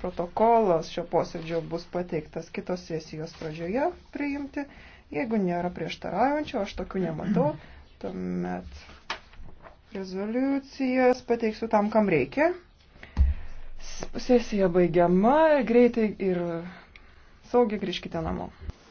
Protokolas šio posėdžio bus pateiktas kitos sesijos pradžioje priimti. Jeigu nėra prieštaraujančio, aš tokių nematau, tuomet rezoliucijas pateiksiu tam, kam reikia. Sesija baigiama, greitai ir saugiai grįžkite namo.